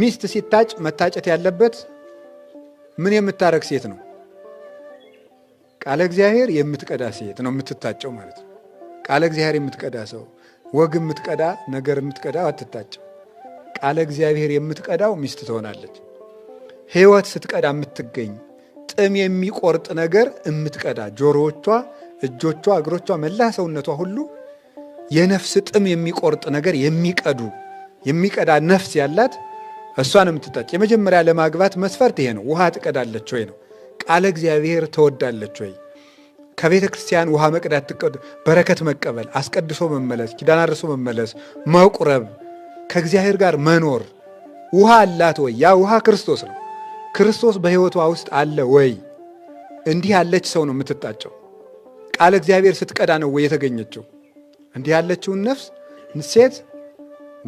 ሚስት ሲታጭ መታጨት ያለበት ምን የምታረግ ሴት ነው? ቃለ እግዚአብሔር የምትቀዳ ሴት ነው የምትታጨው ማለት ነው። ቃለ እግዚአብሔር የምትቀዳ ሰው፣ ወግ የምትቀዳ ነገር የምትቀዳ አትታጭም። ቃለ እግዚአብሔር የምትቀዳው ሚስት ትሆናለች። ሕይወት ስትቀዳ የምትገኝ ጥም የሚቆርጥ ነገር የምትቀዳ ጆሮዎቿ፣ እጆቿ፣ እግሮቿ፣ መላ ሰውነቷ ሁሉ የነፍስ ጥም የሚቆርጥ ነገር የሚቀዱ የሚቀዳ ነፍስ ያላት እሷን ነው የምትጠጭ። የመጀመሪያ ለማግባት መስፈርት ይሄ ነው። ውሃ ትቀዳለች ወይ ነው። ቃለ እግዚአብሔር ተወዳለች ወይ ከቤተ ክርስቲያን ውሃ መቅዳት፣ በረከት መቀበል፣ አስቀድሶ መመለስ፣ ኪዳን አድርሶ መመለስ፣ መቁረብ፣ ከእግዚአብሔር ጋር መኖር። ውሃ አላት ወይ? ያ ውሃ ክርስቶስ ነው። ክርስቶስ በሕይወቷ ውስጥ አለ ወይ? እንዲህ ያለች ሰው ነው የምትጣጨው። ቃለ እግዚአብሔር ስትቀዳ ነው ወይ የተገኘችው? እንዲህ ያለችውን ነፍስ ሴት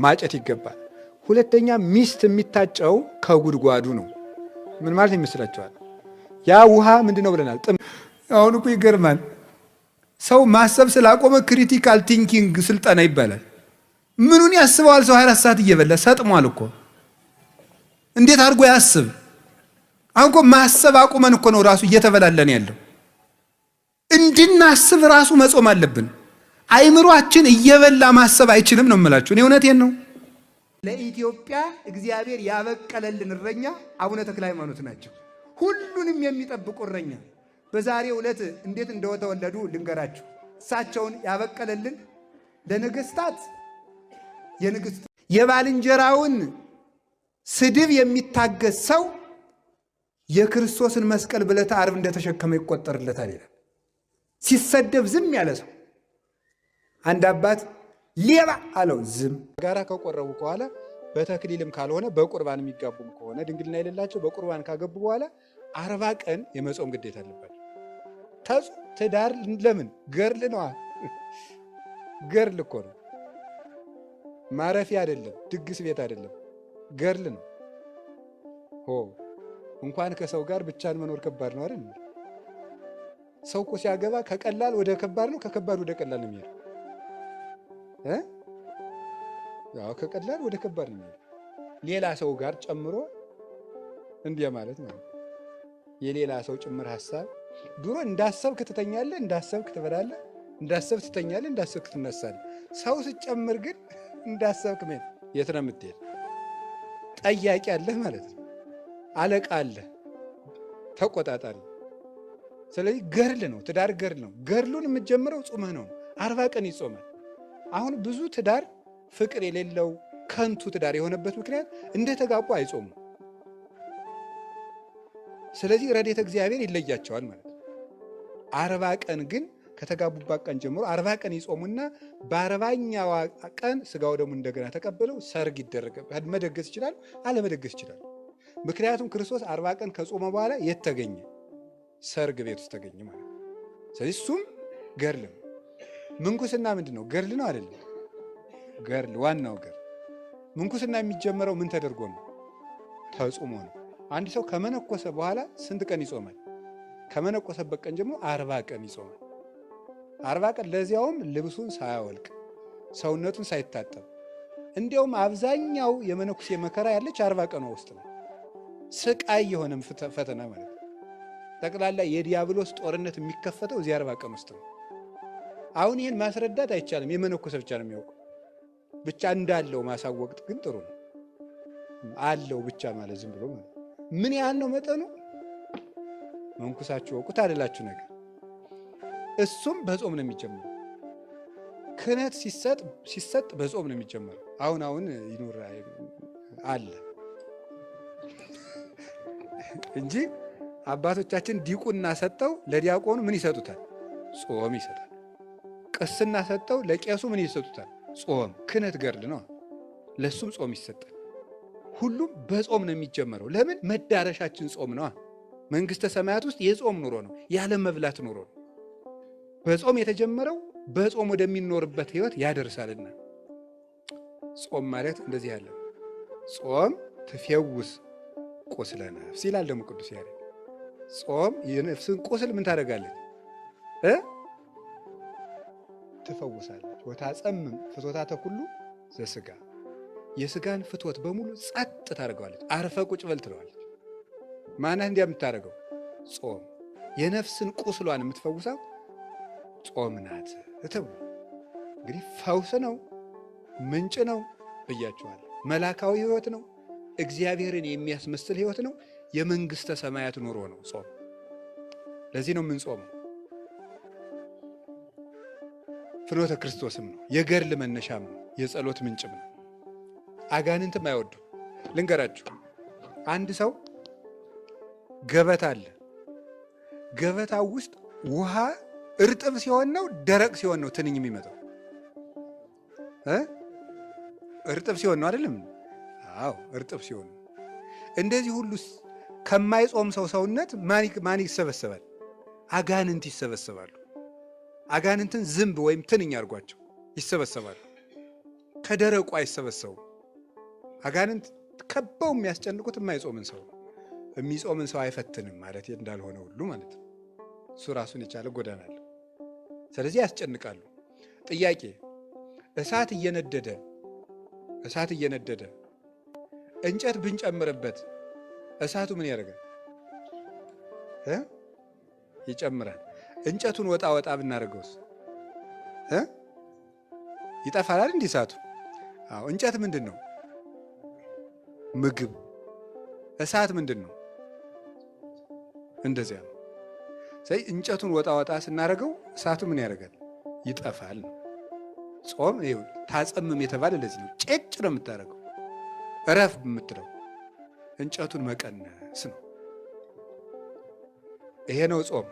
ማጨት ይገባል። ሁለተኛ ሚስት የሚታጨው ከጉድጓዱ ነው። ምን ማለት ይመስላችኋል? ያ ውሃ ምንድን ነው ብለናል። አሁን እኮ ይገርማል። ሰው ማሰብ ስላቆመ ክሪቲካል ቲንኪንግ ስልጠና ይባላል። ምኑን ያስበዋል? ሰው 24 ሰዓት እየበላ ሰጥሟል እኮ እንዴት አድርጎ ያስብ? አሁን እኮ ማሰብ አቁመን እኮ ነው ራሱ እየተበላለን ያለው። እንድናስብ ራሱ መጾም አለብን። አይምሯችን እየበላ ማሰብ አይችልም ነው የምላችሁ። እኔ እውነቴን ነው። ለኢትዮጵያ እግዚአብሔር ያበቀለልን እረኛ አቡነ ተክለ ሃይማኖት ናቸው። ሁሉንም የሚጠብቁ እረኛ። በዛሬ ዕለት እንዴት እንደተወለዱ ልንገራችሁ። እሳቸውን ያበቀለልን ለነገስታት የንግስት የባልንጀራውን ስድብ የሚታገስ ሰው የክርስቶስን መስቀል ብለተ ዓርብ እንደተሸከመ ይቆጠርለታል ይላል። ሲሰደብ ዝም ያለ ሰው አንድ አባት ሌባ አለው ዝም ጋራ ከቆረቡ ከኋላ በተክሊልም ካልሆነ በቁርባን የሚጋቡም ከሆነ ድንግልና የሌላቸው በቁርባን ካገቡ በኋላ አርባ ቀን የመጾም ግዴታ አለባቸው። ትዳር ለምን ገርል ነዋ። ገርል እኮ ነው፣ ማረፊያ አይደለም፣ ድግስ ቤት አይደለም፣ ገርል ነው። ሆ እንኳን ከሰው ጋር ብቻን መኖር ከባድ ነው አይደል? ሰው እኮ ሲያገባ ከቀላል ወደ ከባድ ነው፣ ከከባድ ወደ ቀላል ነው የሚሄደው። ያው ከቀላል ወደ ከባድ ነው። ሌላ ሰው ጋር ጨምሮ እንዲያ ማለት ነው። የሌላ ሰው ጭምር ሀሳብ ድሮ እንዳሰብክ ትተኛለህ፣ እንዳሰብክ ትበላለህ፣ እንዳሰብክ ትተኛለህ፣ እንዳሰብክ ትነሳለህ። ሰው ስትጨምር ግን እንዳሰብክ መሄድ የት ነው የምትሄድ? ጠያቂ አለህ ማለት ነው። አለቃ አለህ፣ ተቆጣጣሪ። ስለዚህ ገርል ነው፣ ትዳር ገርል ነው። ገርሉን የምትጀምረው ጾመህ ነው። አርባ ቀን ይጾማል። አሁን ብዙ ትዳር ፍቅር የሌለው ከንቱ ትዳር የሆነበት ምክንያት እንደተጋቡ አይጾሙ። ስለዚህ ረድኤተ እግዚአብሔር ይለያቸዋል ማለት ነው። አርባ ቀን ግን ከተጋቡባት ቀን ጀምሮ አርባ ቀን ይጾሙና በአርባኛዋ ቀን ስጋው ደግሞ እንደገና ተቀብለው ሰርግ ይደረጋል። መደገስ ይችላሉ፣ አለመደገስ ይችላሉ። ምክንያቱም ክርስቶስ አርባ ቀን ከጾመ በኋላ የት ተገኘ? ሰርግ ቤት ውስጥ ተገኘ ማለት ነው። ስለዚህ እሱም ገርልም ምንኩስና ምንድን ነው? ገርል ነው አይደለም? ገርል ዋናው ገር ምንኩስና የሚጀመረው ምን ተደርጎ ነው? ተጾሞ ነው። አንድ ሰው ከመነኮሰ በኋላ ስንት ቀን ይጾማል? ከመነኮሰበት ቀን ጀምሮ አርባ ቀን ይጾማል። አርባ ቀን ለዚያውም ልብሱን ሳያወልቅ ሰውነቱን ሳይታጠብ። እንዲያውም አብዛኛው የመነኩሴ መከራ ያለች አርባ ቀኗ ውስጥ ነው። ስቃይ የሆነም ፈተና ማለት ነው። ጠቅላላ የዲያብሎስ ጦርነት የሚከፈተው እዚህ አርባ ቀን ውስጥ ነው። አሁን ይህን ማስረዳት አይቻልም። የመነኮሰ ብቻ ነው የሚያውቁ። ብቻ እንዳለው ማሳወቅ ግን ጥሩ ነው። አለው ብቻ ማለት ዝም ብሎ ማለት ምን ያህል ነው መጠኑ? መንኩሳችሁ ወቁት አልላችሁ ነገር እሱም በጾም ነው የሚጀመረው። ክህነት ሲሰጥ በጾም ነው የሚጀመረው። አሁን አሁን ይኖር አለ እንጂ አባቶቻችን ዲቁና ሰጠው ለዲያቆኑ ምን ይሰጡታል? ጾም ይሰጣል። ቅስና ሰጠው። ለቄሱ ምን ይሰጡታል? ጾም ክህነት ገድል ነው። ለሱም ጾም ይሰጣል። ሁሉም በጾም ነው የሚጀመረው። ለምን? መዳረሻችን ጾም ነዋ። መንግስተ ሰማያት ውስጥ የጾም ኑሮ ነው፣ ያለ መብላት ኑሮ ነው። በጾም የተጀመረው በጾም ወደሚኖርበት ህይወት ያደርሳልና ጾም ማለት እንደዚህ ያለ ጾም ትፌውስ ቁስለ ነፍስ ይላል ደግሞ ቅዱስ ያለ ጾም የነፍስን ቁስል ምን ታደርጋለች? ትፈውሳለች። ወታጸምም ፍትወታተ ሁሉ ዘስጋ የስጋን ፍትወት በሙሉ ጸጥ ታደርገዋለች። አርፈ ቁጭ በል ትለዋለች። ማናት እንዲያ የምታደርገው ጾም የነፍስን ቁስሏን የምትፈውሳው ጾም ናት። እትቡ እንግዲህ ፈውስ ነው፣ ምንጭ ነው ብያችኋል። መላካዊ ህይወት ነው፣ እግዚአብሔርን የሚያስመስል ህይወት ነው፣ የመንግስተ ሰማያት ኑሮ ነው ጾም። ለዚህ ነው የምንጾመው። ፍኖተ ክርስቶስም ነው፣ የገድል መነሻም ነው፣ የጸሎት ምንጭም ነው። አጋንንትም አይወዱ። ልንገራችሁ፣ አንድ ሰው ገበታ አለ። ገበታው ውስጥ ውሃ እርጥብ ሲሆን ነው ደረቅ ሲሆን ነው ትንኝ የሚመጣው? እርጥብ ሲሆን ነው አይደለም? አዎ እርጥብ ሲሆን። እንደዚህ ሁሉ ከማይጾም ሰው ሰውነት ማን ይሰበሰባል? አጋንንት ይሰበሰባሉ። አጋንንትን ዝንብ ወይም ትንኝ አድርጓቸው ይሰበሰባሉ። ከደረቁ አይሰበሰቡም። አጋንንት ከበው የሚያስጨንቁት የማይጾምን ሰው ነው። የሚጾምን ሰው አይፈትንም ማለት እንዳልሆነ ሁሉ ማለት ነው። እሱ ራሱን የቻለ ጎዳና አለ። ስለዚህ ያስጨንቃሉ። ጥያቄ እሳት እየነደደ እሳት እየነደደ እንጨት ብንጨምርበት እሳቱ ምን ያደርጋል? ይጨምራል። እንጨቱን ወጣ ወጣ ብናደርገውስ ይጠፋላል? እንዲህ እሳቱ። አዎ እንጨት ምንድን ነው? ምግብ። እሳት ምንድን ነው? እንደዚያ ነው። ስለዚህ እንጨቱን ወጣ ወጣ ስናደርገው እሳቱ ምን ያደርጋል? ይጠፋል ነው። ጾም ታጸምም የተባለ ለዚህ ነው። ጭጭ ነው የምታደርገው፣ እረፍ የምትለው እንጨቱን መቀነስ ነው። ይሄ ነው ጾም።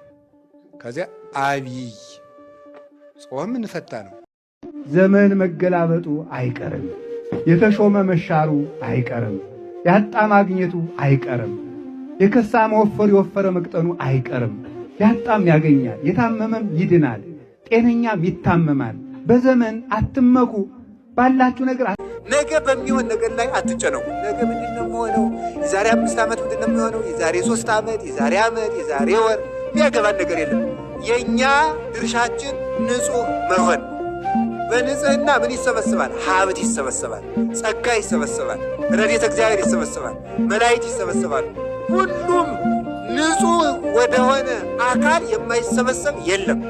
ከዚያ አብይ ጾም እንፈታ ነው። ዘመን መገላበጡ አይቀርም። የተሾመ መሻሩ አይቀርም። ያጣ ማግኘቱ አይቀርም። የከሳ መወፈር የወፈረ መቅጠኑ አይቀርም። ያጣም ያገኛል፣ የታመመም ይድናል፣ ጤነኛም ይታመማል። በዘመን አትመኩ። ባላችሁ ነገር ነገ በሚሆን ነገር ላይ አትጨነቁ። ነገ ምንድን ነው የምሆነው? የዛሬ አምስት ዓመት ምንድን ነው የሚሆነው? የዛሬ ሶስት ዓመት፣ የዛሬ ዓመት፣ የዛሬ ወር የሚያገባን ነገር የለም። የእኛ ድርሻችን ንጹህ መሆን። በንጽህና ምን ይሰበስባል? ሀብት ይሰበሰባል፣ ጸጋ ይሰበሰባል፣ ረድኤተ እግዚአብሔር ይሰበሰባል፣ መላእክት ይሰበሰባሉ። ሁሉም ንጹህ ወደሆነ አካል የማይሰበሰብ የለም።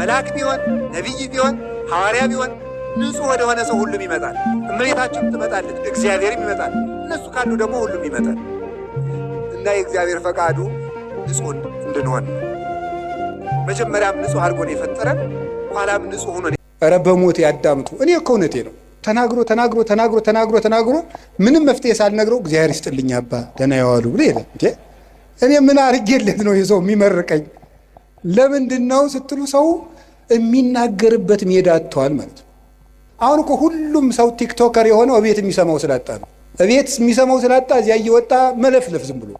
መልአክ ቢሆን ነቢይ ቢሆን ሐዋርያ ቢሆን ንጹህ ወደሆነ ሰው ሁሉም ይመጣል። እመቤታችንም ትመጣለች፣ እግዚአብሔርም ይመጣል። እነሱ ካሉ ደግሞ ሁሉም ይመጣል እና የእግዚአብሔር ፈቃዱ ንጹህ እንድንሆን መጀመሪያም ንጹህ አድርጎን የፈጠረን ኋላም ንጹህ ሆኖ ኧረ በሞቴ ያዳምጡ። እኔ እኮ እውነቴ ነው። ተናግሮ ተናግሮ ተናግሮ ተናግሮ ተናግሮ ምንም መፍትሄ ሳልነግረው እግዚአብሔር ይስጥልኝ አባ ደህና የዋሉ ብሎ የለ እንዴ እኔ ምን አርጌለት ነው የሰው የሚመርቀኝ? ለምንድን ነው ስትሉ ሰው የሚናገርበት ሜዳ አጥተዋል ማለት ነው። አሁን እኮ ሁሉም ሰው ቲክቶከር የሆነው እቤት የሚሰማው ስላጣ ነው። እቤት የሚሰማው ስላጣ እዚያ እየወጣ መለፍለፍ ዝም ብሎ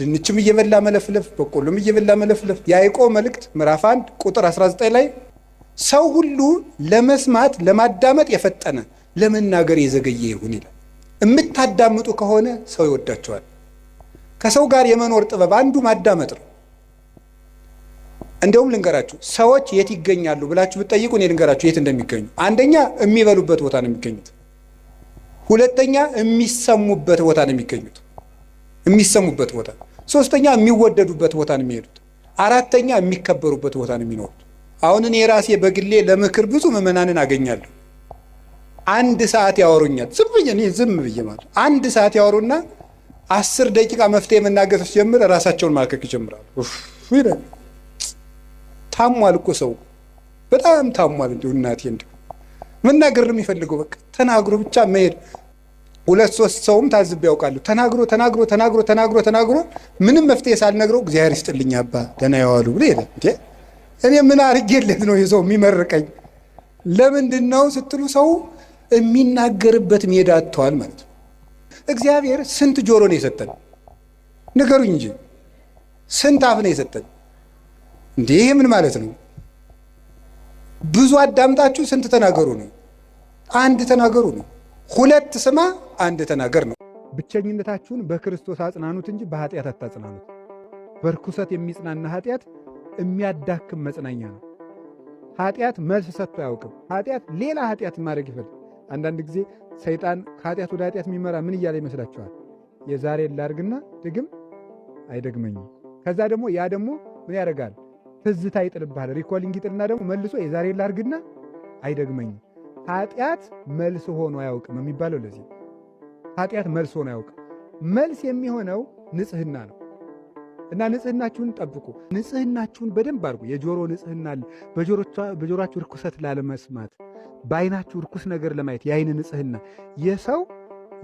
ድንችም እየበላ መለፍለፍ፣ በቆሎም እየበላ መለፍለፍ። የያዕቆብ መልእክት ምዕራፍ 1 ቁጥር 19 ላይ ሰው ሁሉ ለመስማት ለማዳመጥ የፈጠነ ለመናገር የዘገየ ይሁን ይላል። የምታዳምጡ ከሆነ ሰው ይወዳቸዋል። ከሰው ጋር የመኖር ጥበብ አንዱ ማዳመጥ ነው። እንደውም ልንገራችሁ ሰዎች የት ይገኛሉ ብላችሁ ብትጠይቁ እኔ ልንገራችሁ የት እንደሚገኙ። አንደኛ የሚበሉበት ቦታ ነው የሚገኙት። ሁለተኛ የሚሰሙበት ቦታ ነው የሚገኙት። የሚሰሙበት ቦታ ሶስተኛ የሚወደዱበት ቦታ ነው የሚሄዱት። አራተኛ የሚከበሩበት ቦታ ነው የሚኖሩት። አሁን እኔ ራሴ በግሌ ለምክር ብዙ ምዕመናንን አገኛለሁ። አንድ ሰዓት ያወሩኛል። ዝም ብዬ እኔ ዝም ብዬ ማለት አንድ ሰዓት ያወሩና አስር ደቂቃ መፍትሄ መናገር ሲጀምር ራሳቸውን ማከክ ይጀምራሉ። ታሟል እኮ ሰው በጣም ታሟል። እንዲሁ እናቴ እንዲሁ መናገር ነው የሚፈልገው። በቃ ተናግሮ ብቻ መሄድ ሁለት ሶስት ሰውም ታዝብ ያውቃሉ። ተናግሮ ተናግሮ ተናግሮ ተናግሮ ተናግሮ ምንም መፍትሄ ሳልነግረው እግዚአብሔር ይስጥልኝ አባ ደህና ያዋሉ ብሎ ሄደ። እኔ ምን አርጌለት ነው የሰው የሚመርቀኝ? ለምንድን ነው ስትሉ ሰው የሚናገርበት ሜዳ አጥተዋል ማለት ነው። እግዚአብሔር ስንት ጆሮ ነው የሰጠን? ንገሩኝ እንጂ ስንት አፍ ነው የሰጠን? እንዲህ ይሄ ምን ማለት ነው? ብዙ አዳምጣችሁ ስንት ተናገሩ ነው? አንድ ተናገሩ ነው። ሁለት ስማ አንድ ተናገር ነው። ብቸኝነታችሁን በክርስቶስ አጽናኑት እንጂ በኃጢአት አታጽናኑት። በርኩሰት የሚጽናና ኃጢአት የሚያዳክም መጽናኛ ነው። ኃጢአት መልስ ሰጥቶ አያውቅም። ኃጢአት ሌላ ኃጢአት ማድረግ ይፈል አንዳንድ ጊዜ ሰይጣን ከኃጢአት ወደ ኃጢአት የሚመራ ምን እያለ ይመስላችኋል? የዛሬ ላርግና ድግም አይደግመኝም። ከዛ ደግሞ ያ ደግሞ ምን ያደርጋል? ትዝታ ይጥልብሃል። ሪኮሊንግ ይጥልና ደግሞ መልሶ የዛሬ ላርግና አይደግመኝም ኃጢአት መልስ ሆኖ አያውቅም የሚባለው ለዚህ ኃጢአት መልስ ሆኖ አያውቅም። መልስ የሚሆነው ንጽህና ነው። እና ንጽህናችሁን ጠብቁ። ንጽህናችሁን በደንብ አድርጉ። የጆሮ ንጽህና በጆሮአችሁ እርኩሰት ላለመስማት፣ በአይናችሁ እርኩስ ነገር ለማየት የአይን ንጽህና። የሰው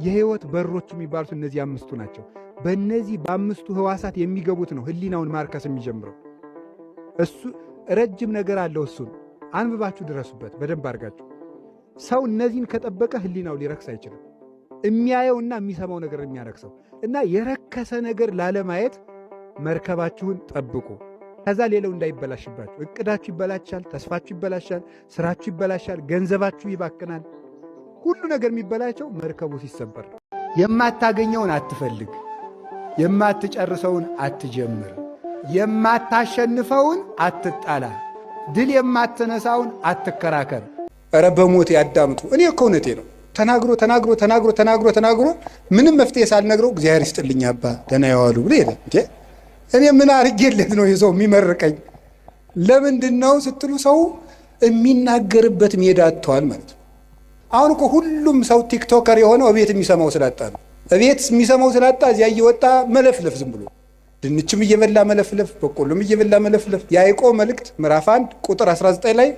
የህይወት በሮች የሚባሉት እነዚህ አምስቱ ናቸው። በእነዚህ በአምስቱ ህዋሳት የሚገቡት ነው ህሊናውን ማርከስ የሚጀምረው። እሱ ረጅም ነገር አለው። እሱን አንብባችሁ ድረሱበት በደንብ አድርጋችሁ። ሰው እነዚህን ከጠበቀ ህሊናው ሊረክስ አይችልም። የሚያየውና የሚሰማው ነገር የሚያረክሰው እና የረከሰ ነገር ላለማየት መርከባችሁን ጠብቁ። ከዛ ሌለው እንዳይበላሽባችሁ። እቅዳችሁ ይበላሻል፣ ተስፋችሁ ይበላሻል፣ ስራችሁ ይበላሻል፣ ገንዘባችሁ ይባክናል። ሁሉ ነገር የሚበላቸው መርከቡ ሲሰበር ነው። የማታገኘውን አትፈልግ፣ የማትጨርሰውን አትጀምር፣ የማታሸንፈውን አትጣላ፣ ድል የማትነሳውን አትከራከር። ረ በሞት ያዳምጡ እኔ ከእውነቴ ነው። ተናግሮ ተናግሮ ተናግሮ ተናግሮ ተናግሮ ምንም መፍትሄ ሳልነግረው እግዚአብሔር ይስጥልኝ አባ ደህና የዋሉ ብሎ ሄደ። እኔ ምን አርጌለት ነው የሰው የሚመርቀኝ? ለምንድን ነው ስትሉ ሰው የሚናገርበት ሜዳ አጥተዋል ማለት ነው። አሁን እኮ ሁሉም ሰው ቲክቶከር የሆነው እቤት የሚሰማው ስላጣ ነው። እቤት የሚሰማው ስላጣ እዚያ እየወጣ መለፍለፍ ዝም ብሎ ድንችም እየበላ መለፍለፍ፣ በቆሎም እየበላ መለፍለፍ። የአይቆ መልእክት ምዕራፍ 1 ቁጥር 19 ላይ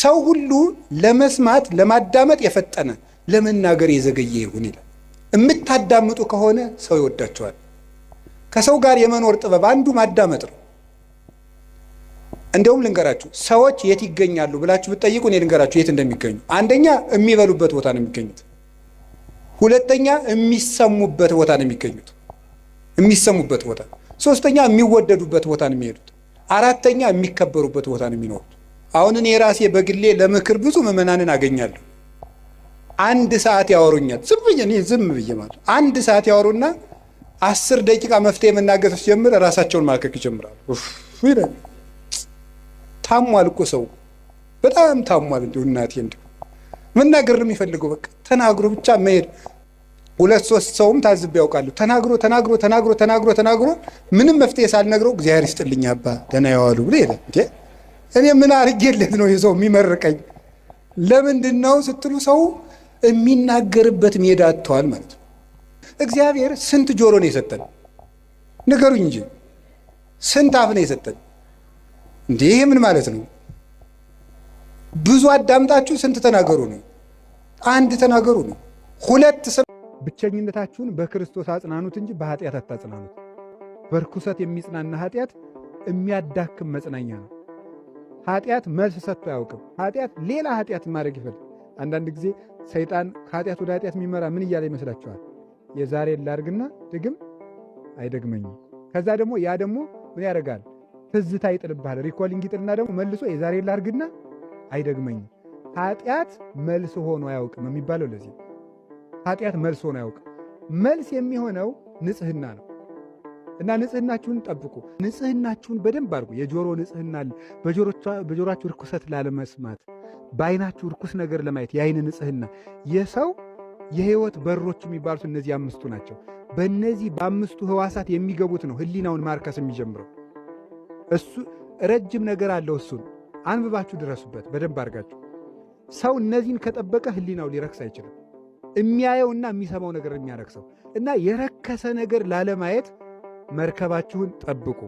ሰው ሁሉ ለመስማት ለማዳመጥ የፈጠነ ለመናገር የዘገየ ይሁን ይላል። የምታዳምጡ ከሆነ ሰው ይወዳቸዋል። ከሰው ጋር የመኖር ጥበብ አንዱ ማዳመጥ ነው። እንደውም ልንገራችሁ፣ ሰዎች የት ይገኛሉ ብላችሁ ብትጠይቁ እኔ ልንገራችሁ የት እንደሚገኙ። አንደኛ የሚበሉበት ቦታ ነው የሚገኙት። ሁለተኛ የሚሰሙበት ቦታ ነው የሚገኙት፣ የሚሰሙበት ቦታ። ሶስተኛ የሚወደዱበት ቦታ ነው የሚሄዱት። አራተኛ የሚከበሩበት ቦታ ነው የሚኖሩት። አሁን እኔ ራሴ በግሌ ለምክር ብዙ ምዕመናንን አገኛለሁ። አንድ ሰዓት ያወሩኛል። ዝም ብዬ እኔ ዝም ብዬ ማለት አንድ ሰዓት ያወሩና አስር ደቂቃ መፍትሄ መናገር ሲጀምር ራሳቸውን ማከክ ይጀምራሉ። ታሟል እኮ ሰው በጣም ታሟል። እንዲሁ እናቴ እንዲሁ መናገር ነው የሚፈልገው። በቃ ተናግሮ ብቻ መሄድ። ሁለት ሶስት ሰውም ታዝብ ያውቃሉ። ተናግሮ ተናግሮ ተናግሮ ተናግሮ ተናግሮ ምንም መፍትሄ ሳልነግረው እግዚአብሔር ይስጥልኝ አባ ደህና ያዋሉ ብሎ ይሄዳል። እኔ ምን አርጌለት ነው የሰው የሚመርቀኝ? ለምንድን ነው ስትሉ ሰው የሚናገርበት ሜዳ አጥተዋል ማለት ነው። እግዚአብሔር ስንት ጆሮ ነው የሰጠን? ንገሩኝ እንጂ ስንት አፍ ነው የሰጠን? እንዲህ ይሄ ምን ማለት ነው? ብዙ አዳምጣችሁ ስንት ተናገሩ ነው? አንድ ተናገሩ ነው? ሁለት ብቸኝነታችሁን በክርስቶስ አጽናኑት እንጂ በኃጢአት አታጽናኑት። በርኩሰት የሚጽናና ኃጢአት የሚያዳክም መጽናኛ ነው። ኃጢአት መልስ ሰጥቶ አያውቅም። ኃጢአት ሌላ ኃጢአት ማድረግ ይፈልግ። አንዳንድ ጊዜ ሰይጣን ከኃጢአት ወደ ኃጢአት የሚመራ ምን እያለ ይመስላችኋል? የዛሬ ላርግና ድግም አይደግመኝም። ከዛ ደግሞ ያ ደግሞ ምን ያደርጋል? ትዝታ ይጥልብሃል። ሪኮሊንግ ይጥልና ደግሞ መልሶ የዛሬ ላርግና አይደግመኝም። ኃጢአት መልስ ሆኖ አያውቅም የሚባለው ለዚህ ኃጢአት መልስ ሆኖ አያውቅም። መልስ የሚሆነው ንጽህና ነው። እና ንጽህናችሁን ጠብቁ። ንጽህናችሁን በደንብ አድርጉ። የጆሮ ንጽህና በጆሮችሁ ርኩሰት ላለመስማት፣ በአይናችሁ ርኩስ ነገር ለማየት የአይን ንጽህና። የሰው የህይወት በሮች የሚባሉት እነዚህ አምስቱ ናቸው። በእነዚህ በአምስቱ ህዋሳት የሚገቡት ነው ህሊናውን ማርከስ የሚጀምረው። እሱ ረጅም ነገር አለው። እሱን አንብባችሁ ድረሱበት በደንብ አድርጋችሁ። ሰው እነዚህን ከጠበቀ ህሊናው ሊረክስ አይችልም። የሚያየውና የሚሰማው ነገር የሚያረክሰው እና የረከሰ ነገር ላለማየት መርከባችሁን ጠብቁ።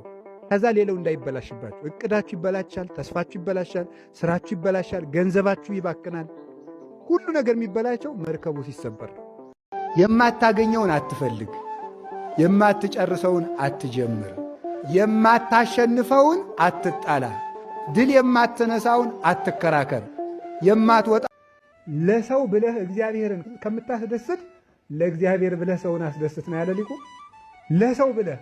ከዛ ሌላው እንዳይበላሽባችሁ። እቅዳችሁ ይበላሻል፣ ተስፋችሁ ይበላሻል፣ ስራችሁ ይበላሻል፣ ገንዘባችሁ ይባክናል። ሁሉ ነገር የሚበላቸው መርከቡ ሲሰበር ነው። የማታገኘውን አትፈልግ፣ የማትጨርሰውን አትጀምር፣ የማታሸንፈውን አትጣላ፣ ድል የማትነሳውን አትከራከር፣ የማትወጣ ለሰው ብለህ እግዚአብሔርን ከምታስደስት ለእግዚአብሔር ብለህ ሰውን አስደስት ነው ያለ ሊቁ ለሰው ብለህ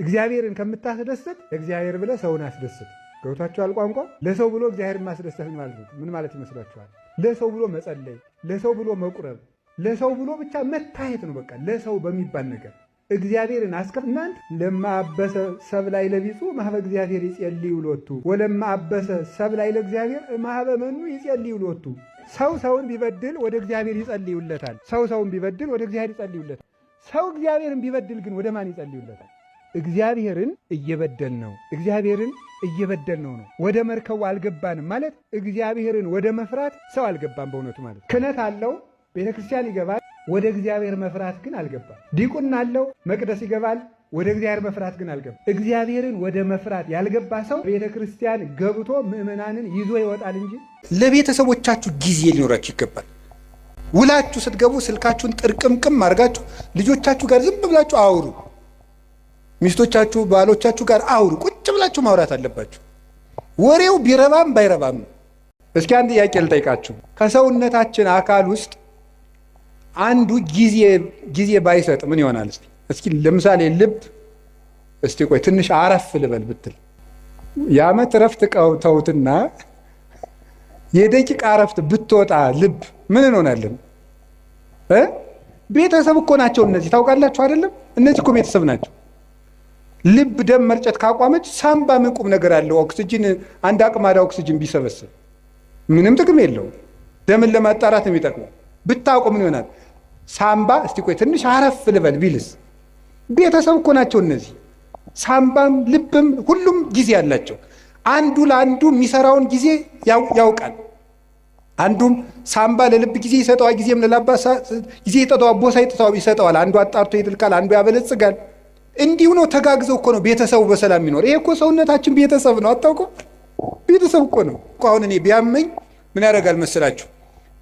እግዚአብሔርን ከምታስደስት ለእግዚአብሔር ብለህ ሰውን አስደስት። ገብቷችኋል? ቋንቋ ለሰው ብሎ እግዚአብሔር ማስደሰት ማለት ነው። ምን ማለት ይመስላችኋል? ለሰው ብሎ መጸለይ፣ ለሰው ብሎ መቁረብ፣ ለሰው ብሎ ብቻ መታየት ነው። በቃ ለሰው በሚባል ነገር እግዚአብሔርን አስከፍ እናንተ ለማበሰ ሰብ ላይ ለቢጹ ማህበ እግዚአብሔር ይጸልዩ ሎቱ ወለማበሰ ሰብ ላይ ለእግዚአብሔር ማህበ መኑ ይጸልዩ ሎቱ። ሰው ሰውን ቢበድል ወደ እግዚአብሔር ይጸልዩለታል። ሰው ሰውን ቢበድል ወደ እግዚአብሔር ይጸልዩለታል። ሰው እግዚአብሔርን ቢበድል ግን ወደ ማን ይጸልዩለታል? እግዚአብሔርን እየበደል ነው እግዚአብሔርን እየበደል ነው ነው ወደ መርከቡ አልገባንም ማለት እግዚአብሔርን ወደ መፍራት ሰው አልገባም። በእውነቱ ማለት ክነት አለው፣ ቤተ ክርስቲያን ይገባል፣ ወደ እግዚአብሔር መፍራት ግን አልገባም። ዲቁና አለው፣ መቅደስ ይገባል፣ ወደ እግዚአብሔር መፍራት ግን አልገባም። እግዚአብሔርን ወደ መፍራት ያልገባ ሰው ቤተ ክርስቲያን ገብቶ ምእመናንን ይዞ ይወጣል እንጂ ለቤተሰቦቻችሁ ጊዜ ሊኖራችሁ ይገባል። ውላችሁ ስትገቡ ስልካችሁን ጥርቅምቅም አድርጋችሁ ልጆቻችሁ ጋር ዝም ብላችሁ አውሩ። ሚስቶቻችሁ ባሎቻችሁ ጋር አውሩ። ቁጭ ብላችሁ ማውራት አለባችሁ። ወሬው ቢረባም ባይረባም ነው። እስኪ አንድ ጥያቄ ልጠይቃችሁ። ከሰውነታችን አካል ውስጥ አንዱ ጊዜ ጊዜ ባይሰጥ ምን ይሆናል? እስኪ ለምሳሌ ልብ፣ እስቲ ቆይ ትንሽ አረፍ ልበል ብትል የዓመት እረፍት ተውትና የደቂቃ እረፍት ብትወጣ ልብ ምን እንሆናለን? ቤተሰብ እኮ ናቸው እነዚህ ታውቃላችሁ አይደለም? እነዚህ እኮ ቤተሰብ ናቸው። ልብ ደም መርጨት ካቋመች ሳምባ ምን ቁም ነገር አለው? ኦክስጅን አንድ አቅማዳ ኦክስጅን ቢሰበስብ ምንም ጥቅም የለውም። ደምን ለማጣራት ነው የሚጠቅመው። ብታቆም ነው ይሆናል። ሳምባ እስቲ ቆይ ትንሽ አረፍ ልበል ቢልስ? ቤተሰብ እኮ ናቸው እነዚህ። ሳምባም ልብም ሁሉም ጊዜ አላቸው። አንዱ ለአንዱ የሚሰራውን ጊዜ ያውቃል። አንዱም ሳምባ ለልብ ጊዜ ይሰጠዋል፣ ጊዜም ለላባ ጊዜ ይጠጠዋል፣ ቦሳ ይጠጠዋል፣ ይሰጠዋል። አንዱ አጣርቶ ይጥልቃል፣ አንዱ ያበለጽጋል። እንዲሁ ነው። ተጋግዘው እኮ ነው ቤተሰቡ በሰላም የሚኖር። ይሄ እኮ ሰውነታችን ቤተሰብ ነው። አታውቀው? ቤተሰብ እኮ ነው እኮ። አሁን እኔ ቢያመኝ ምን ያደርጋል መሰላችሁ?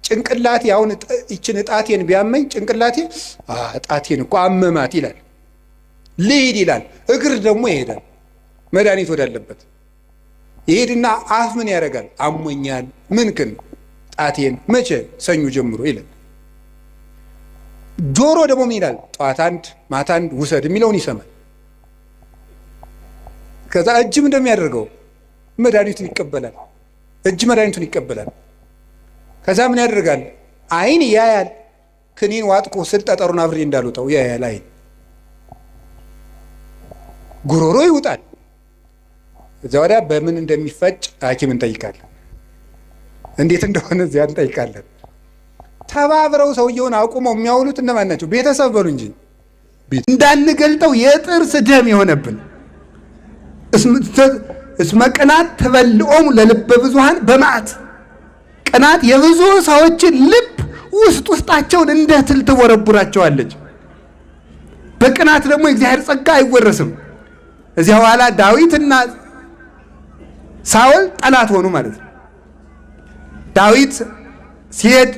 ጭንቅላቴ አሁን ይችን እጣቴን ቢያመኝ ጭንቅላቴ እጣቴን እኮ አመማት ይላል፣ ልሂድ ይላል። እግር ደግሞ ይሄዳል መድኃኒት ወዳለበት ይሄድና አፍ ምን ያደርጋል? አሞኛል። ምንክን ጣቴን መቼ ሰኞ ጀምሮ ይላል። ጆሮ ደግሞ ምን ይላል? ጠዋት አንድ ማታ አንድ ውሰድ የሚለውን ይሰማል። ከዛ እጅም እንደሚያደርገው መድኃኒቱን ይቀበላል። እጅ መድኃኒቱን ይቀበላል። ከዛ ምን ያደርጋል? አይን ያያል። ክኒን ዋጥቆ ስል ጠጠሩን አብሬ እንዳልወጣው ያያል። አይን ጉሮሮ ይውጣል። እዛ ወዲያ በምን እንደሚፈጭ ሐኪም እንጠይቃለን። እንዴት እንደሆነ እዚያ እንጠይቃለን። ተባብረው ሰውየውን አቁመው የሚያውሉት እነማን ናቸው? ቤተሰብ በሉ እንጂ እንዳንገልጠው የጥርስ ደም የሆነብን እስመ ቅናት ተበልዖሙ ለልበ ብዙሃን በማዕት ቅናት የብዙ ሰዎችን ልብ ውስጥ ውስጣቸውን እንደ ትል ትቦረቡራቸዋለች። በቅናት ደግሞ የእግዚአብሔር ጸጋ አይወረስም። እዚያ በኋላ ዳዊትና ሳውል ጠላት ሆኑ ማለት ነው። ዳዊት ሲሄድ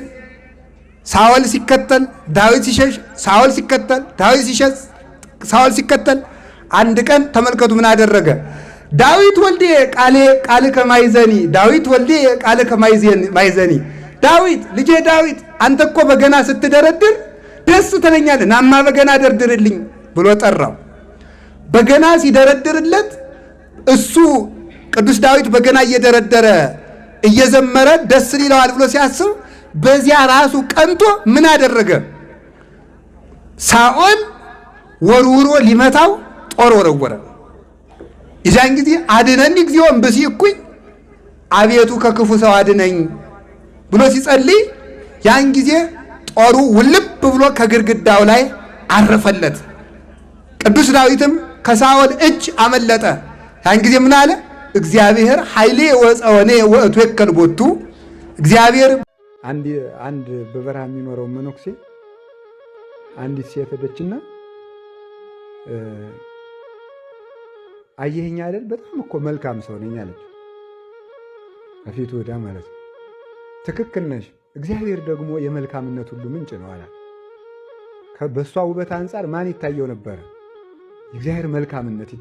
ሳኦል ሲከተል ዳዊት ሲሸሽ፣ ሳኦል ሲከተል ዳዊት ሲሸሽ፣ ሳኦል ሲከተል አንድ ቀን ተመልከቱ ምን አደረገ። ዳዊት ወልዴ ቃሌ ቃል ከማይዘኒ ዳዊት ወልዴ ቃልከ ማዕዘኒ። ዳዊት ልጄ ዳዊት አንተ እኮ በገና ስትደረድር ደስ ትለኛለህ፣ ናማ በገና ደርድርልኝ ብሎ ጠራው። በገና ሲደረድርለት እሱ ቅዱስ ዳዊት በገና እየደረደረ እየዘመረ ደስ ይለዋል ብሎ ሲያስብ በዚያ ራሱ ቀንቶ ምን አደረገ? ሳኦል ወርውሮ ሊመታው ጦር ወረወረ። የዚያን ጊዜ አድነኒ እግዚኦ እምብእሲኩኝ፣ አቤቱ ከክፉ ሰው አድነኝ ብሎ ሲጸልይ ያን ጊዜ ጦሩ ውልብ ብሎ ከግድግዳው ላይ አረፈለት። ቅዱስ ዳዊትም ከሳኦል እጅ አመለጠ። ያን ጊዜ ምን አለ? እግዚአብሔር ኃይሌ ወፀወኔ ወእቱ የከልቦቱ እግዚአብሔር አንድ በበረሃ የሚኖረው መነኩሴ አንዲት ሴት ሄደችና አየህኛ አይደል በጣም እኮ መልካም ሰው ነኝ አለች። ከፊቱ ወዳ ማለት ነው። ትክክል ነሽ፣ እግዚአብሔር ደግሞ የመልካምነት ሁሉ ምንጭ ነው አላት። በእሷ ውበት አንጻር ማን ይታየው ነበረ? የእግዚአብሔር መልካምነት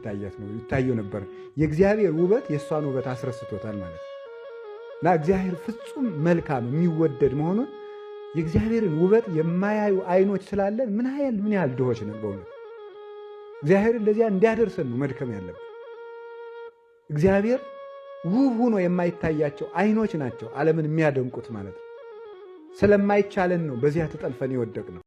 ይታየው ነበር። የእግዚአብሔር ውበት የእሷን ውበት አስረስቶታል ማለት ነው። እና እግዚአብሔር ፍጹም መልካም የሚወደድ መሆኑን የእግዚአብሔርን ውበት የማያዩ አይኖች ስላለን ምን ያህል ምን ያህል ድሆች ነን። በእውነት እግዚአብሔርን ለዚያ እንዲያደርሰን ነው መድከም ያለብን። እግዚአብሔር ውብ ሆኖ የማይታያቸው አይኖች ናቸው ዓለምን የሚያደንቁት ማለት ነው። ስለማይቻለን ነው በዚያ ተጠልፈን የወደቅ ነው።